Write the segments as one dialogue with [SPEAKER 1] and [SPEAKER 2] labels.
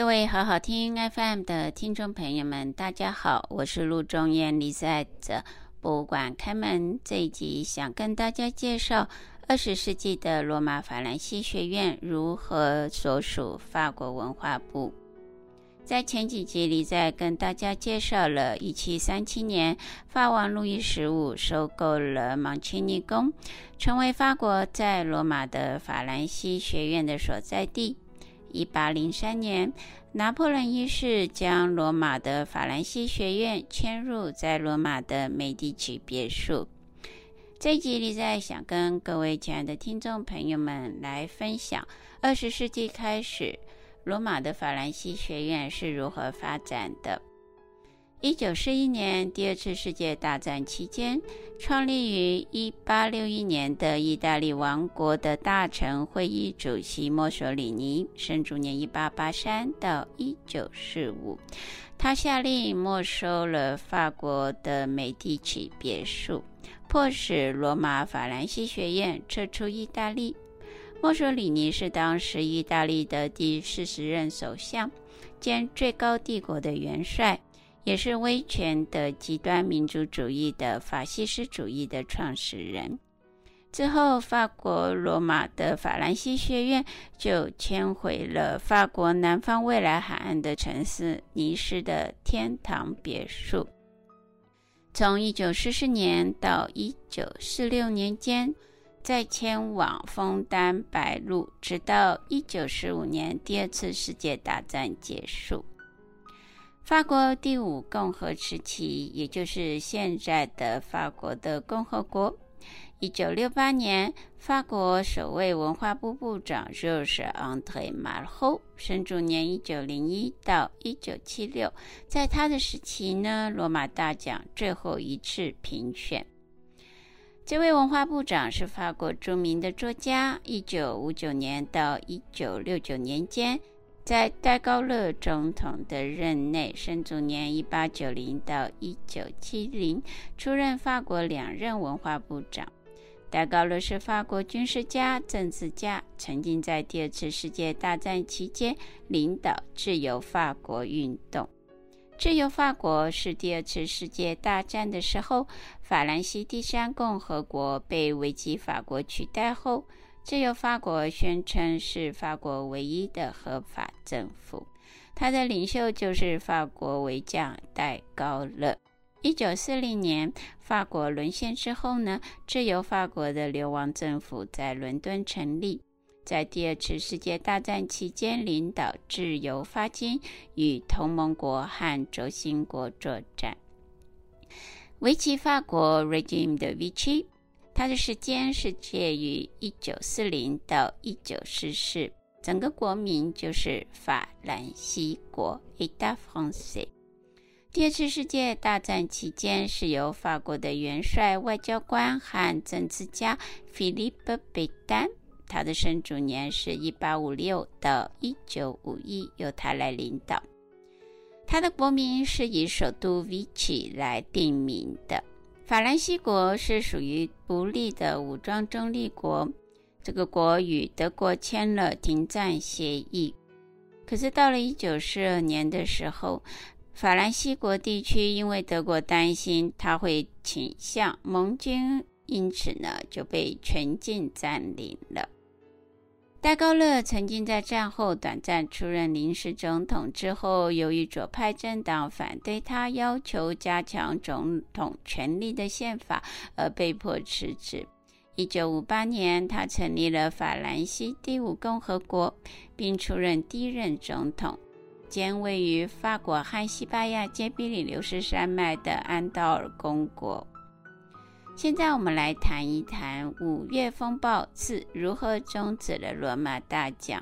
[SPEAKER 1] 各位好好聽 FM 的聽眾朋友們，大家好，我是陸中燕。李在的博物館開門這一集，想跟大家介紹二十世紀的羅馬法蘭西學院如何所屬法國文化部。在前幾集裡，李在跟大家介紹了一七三七年，法王路易十五收購了蒙切尼宮，成為法國在羅馬的法蘭西學院的所在地。一八零三年，拿破崙一世將羅馬的法蘭西學院遷入在羅馬的美第奇別墅。這一集，裡在想跟各位親愛的聽眾朋友們來分享，二十世紀開始，羅馬的法蘭西學院是如何發展的。一九四一年，第二次世界大戰期間，創立於一八六一年的意大利王國的大臣會議主席墨索里尼，生卒年一八八三到一九四五。他下令沒收了法國的美第奇別墅，迫使羅馬法蘭西學院撤出意大利。墨索里尼是當時意大利的第四十任首相，兼最高帝國的元帥，也是威權的極端民族主義的法西斯主義的創始人。之後，法國羅馬的法蘭西學院就遷回了法國南方蔚藍海岸的城市尼斯的天堂別墅。從一九四四年到一九四六年間，再遷往楓丹白露，直到一九四五年第二次世界大戰結束。法國第五共和時期，也就是現在的法國的共和國。一九六八年，法國首位文化部部長就是安德烈·馬爾侯，生卒年一九零一到一九七六。在他的時期呢，羅馬大獎最後一次評選。這位文化部長是法國著名的作家，一九五九年到一九六九年間。在戴高樂總統的任內（生卒年：一八九零到一九七零），出任法國兩任文化部長。戴高樂是法國軍事家、政治家，曾經在第二次世界大戰期間領導自由法國運動。自由法國是第二次世界大戰的時候，法蘭西第三共和國被維琪法國取代後。自由法國宣稱是法國唯一的合法政府，他的領袖就是法國准將戴高樂。一九四零年法國淪陷之後呢，自由法國的流亡政府在倫敦成立，在第二次世界大戰期間，領導自由法軍與同盟國和軸心國作戰。維琪法國 Régime de Vichy。他的時間是介於一九四零到一九四四，整個國民就是法蘭西國 （État f r a n ç i s。第二次世界大戰期間是由法國的元帥、外交官和政治家菲利 i 貝丹，他的生卒年是一八五六到一九五一，由他來領導。他的國民是以首都 Vichy 來定名的。法蘭西國是屬於獨立的武裝中立國，這個國與德國簽了停戰協議。可是到了一九四二年的時候，法蘭西國地區因為德國擔心他會傾向盟軍，因此呢就被全境佔領了。戴高樂曾經在戰後短暫出任臨時總統之後，由於左派政黨反對他要求加強總統權力的憲法，而被迫辭職。1958年，他成立了法蘭西第五共和國，並出任第一任總統，兼位於法國和西班牙間庇里牛斯山脈的安道爾公國。現在我們來談一談五月風暴次如何終止了羅馬大獎。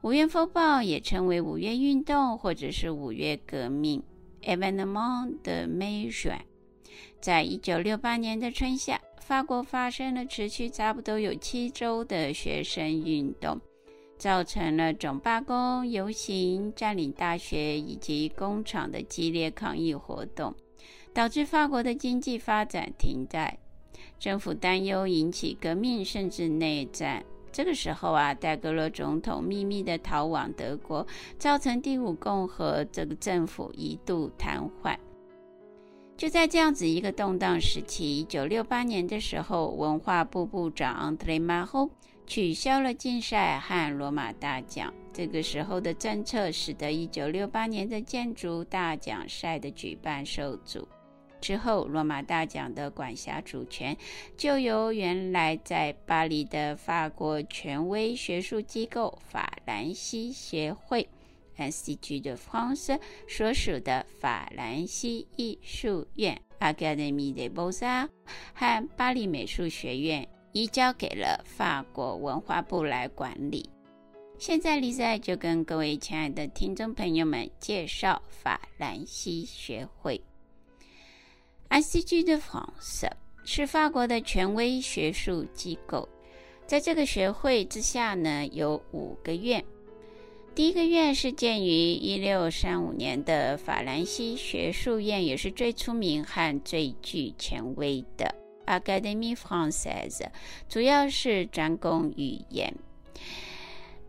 [SPEAKER 1] 五月風暴也稱為五月運動或者是五月革命 é v é n e m e n t h e mai）。在一九六八年的春夏，法國發生了持續差不多有七周的學生運動，造成了總罷工、遊行、占領大學以及工廠的激烈抗議活動，導致法國的經濟發展停在政府擔憂引起革命甚至內戰。這個時候啊，戴高樂總統秘密的逃往德國，造成第五共和這個政府一度癱瘓。就在這樣子一個動盪時期，一九六八年的時候，文化部部長 André Malraux 取消了競賽和羅馬大獎。這個時候的政策使得一九六八年的建築大獎賽的舉辦受阻。之後，羅馬大獎的管轄主權就由原來在巴黎的法國權威學術機構——法蘭西學會 Institut de France 所屬的法蘭西藝術院 Académie des Beaux-Arts） 和巴黎美術學院移交給了法國文化部來管理。現在，麗賽就跟各位親愛的聽眾朋友們介紹法蘭西學會。Institut de France 是法國的權威學術機構，在這個學會之下呢，有五個院。第一個院是建於一六三五年的法蘭西學術院，也是最出名和最具權威的 Académie française，主要是專攻語言。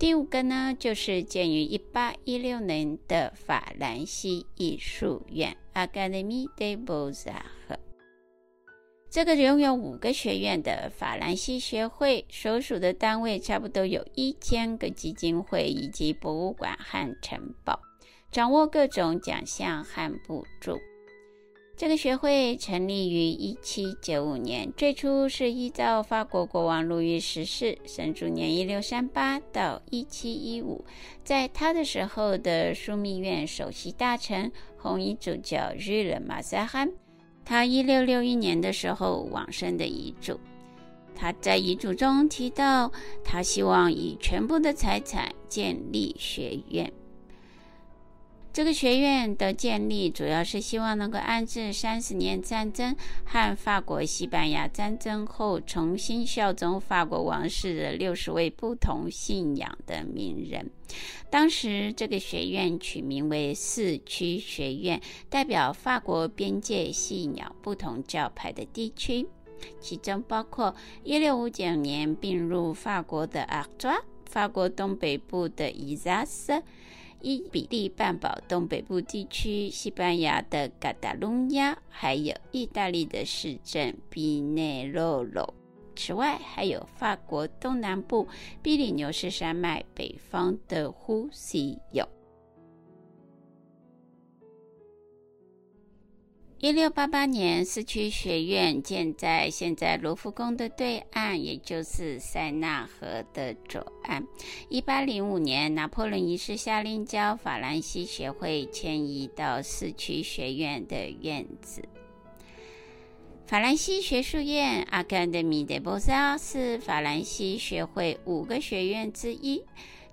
[SPEAKER 1] 第五個呢，就是建於一八一六年的法蘭西藝術院 a c a d e m y d e Beaux-Arts）。這個擁有五個學院的法蘭西學會所屬的單位，差不多有一千個基金會以及博物館和城堡，掌握各種獎項和補助。這個學會成立於一七九五年，最初是依照法國國王路易十四生卒年，一六三八到一七一五，在他的時候的樞密院首席大臣紅衣主教瑞勒馬薩漢，他一六六一年的時候往生的遺囑，他在遺囑中提到他希望以全部的財產建立學院。這個學院的建立主要是希望能夠安置三十年戰爭和法國西班牙戰爭後重新效忠法國王室的六十位不同信仰的名人。當時，這個學院取名為“四區學院”，代表法國邊界信仰不同教派的地區，其中包括1659年併入法國的阿圖、法國東北部的伊薩斯。伊比利半島東北部地區，西班牙的嘎達隆加，還有意大利的市鎮比內洛羅。此外，還有法國東南部比利牛斯山脈北方的胡西永。一六八八年，四區學院建在現在盧浮宮的對岸，也就是塞納河的左岸。一八零五年，拿破崙一世下令將法蘭西學會遷移到四區學院的院子。法蘭西學術院 Académie des Beaux-Arts 是法蘭西學會五個學院之一，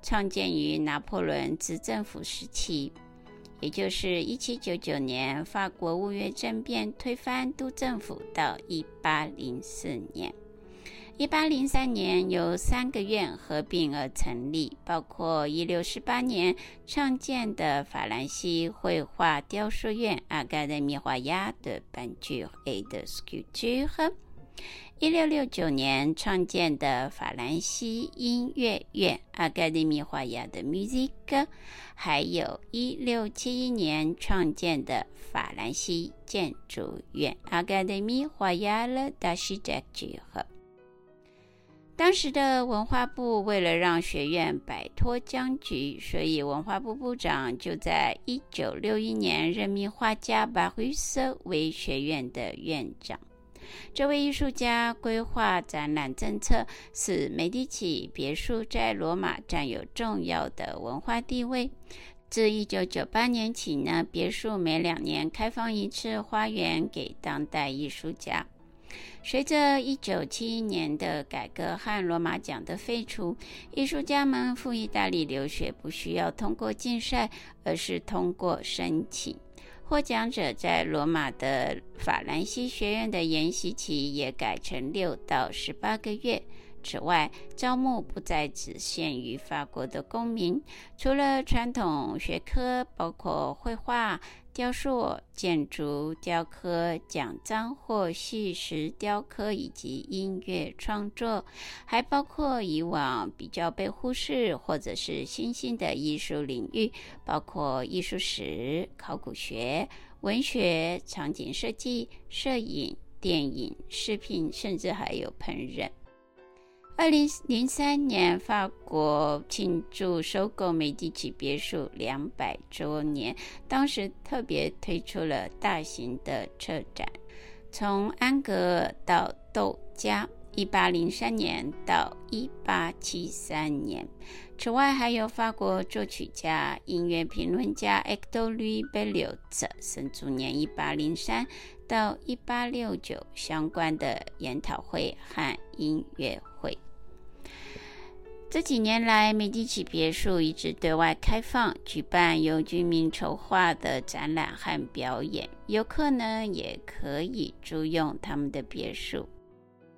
[SPEAKER 1] 創建於拿破崙執政府時期。也就是1799年法國五月政變推翻督政府，到1804年，1803年由三個院合併而成立，包括1648年創建的法蘭西繪畫雕塑院阿 c 的米畫 m 的 e r a Sculpture）。1669年創建的法蘭西音樂院 Académie Royale de Musique，還有1671年創建的法蘭西建築院 Académie Royale des Architectes，當時的文化部為了讓學院擺脫僵局，所以文化部部長就在1961年任命畫家巴烏索為學院的院長。這位藝術家規劃展覽政策，使美第奇別墅在羅馬占有重要的文化地位。自1998年起呢，別墅每兩年開放一次花園給當代藝術家。隨着1971年的改革和羅馬獎的廢除，藝術家們赴意大利留學不需要通過競賽，而是通過申請。獲獎者在羅馬的法蘭西學院的研習期也改成六到十八個月。此外，招募不再只限於法國的公民，除了傳統學科，包括繪畫。雕塑、建築、雕刻、獎章或細石雕刻，以及音樂創作，還包括以往比較被忽視或者是新興的藝術領域，包括藝術史、考古學、文學、場景設計、攝影、電影、視頻，甚至還有烹飪。二零零三年，法國慶祝收購美第奇別墅兩百週年，當時特別推出了大型的策展，從安格爾到竇加，一八零三年到一八七三年。此外，還有法國作曲家、音樂評論家埃克多·呂貝柳特生卒年一八零三到一八六九相關的研討會和音樂會。這幾年來，美第奇別墅一直對外開放，舉辦由居民籌劃的展覽和表演。遊客呢，也可以租用他們的別墅。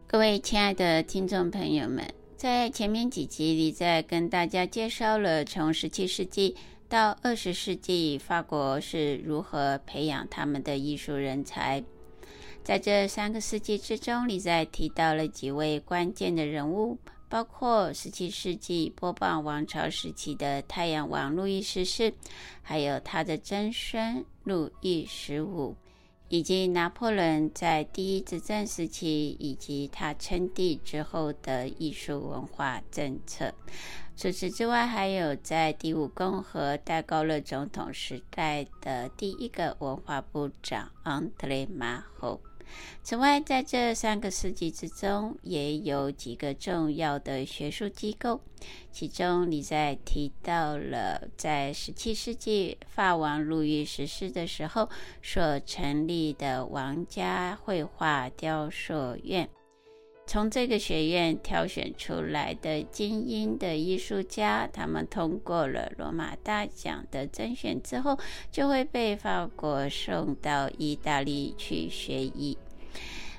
[SPEAKER 1] 各位親愛的聽眾朋友們，在前面幾集裡，在跟大家介紹了從十七世紀到二十世紀，法國是如何培養他們的藝術人才。在這三個世紀之中，你在提到了幾位關鍵的人物。包括十七世紀波旁王朝時期的太陽王路易十四，還有他的曾孫路易十五，以及拿破崙在第一執政時期以及他稱帝之後的藝術文化政策。除此之外，還有在第五共和戴高樂總統時代的第一個文化部長安德烈馬侯。此外，在這三個世紀之中，也有幾個重要的學術機構，其中你在提到了在十七世紀法王路易十四的時候所成立的王家繪畫雕塑院。從這個學院挑選出來的精英的藝術家，他們通過了羅馬大獎的甄選之後，就會被法國送到意大利去學藝。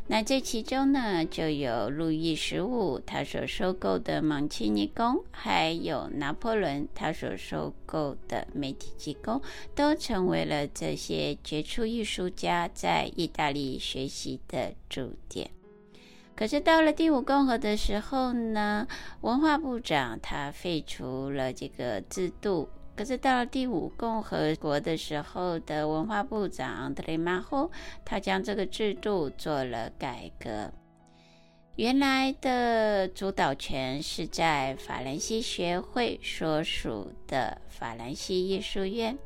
[SPEAKER 1] 那這其中呢，就有路易十五他所收購的蒙奇尼宮，還有拿破崙他所收購的美第奇宮，都成為了這些傑出藝術家在意大利學習的駐點。可是到了第五共和的時候呢，文化部長他廢除了這個制度。可是到了第五共和國的時候的文化部長安德烈·馬侯，他將這個制度做了改革。原來的主導權是在法蘭西學會所屬的法蘭西藝術院。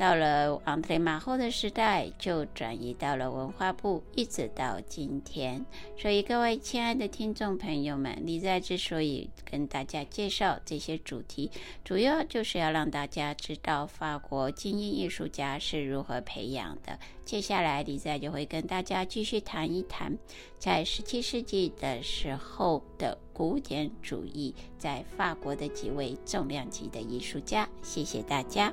[SPEAKER 1] 到了安德烈馬侯的時代，就轉移到了文化部，一直到今天。所以，各位親愛的聽眾朋友們，李在之所以跟大家介紹這些主題，主要就是要讓大家知道法國精英藝術家是如何培養的。接下來，李在就會跟大家繼續談一談，在十七世紀的時候的古典主義在法國的幾位重量級的藝術家。謝謝大家。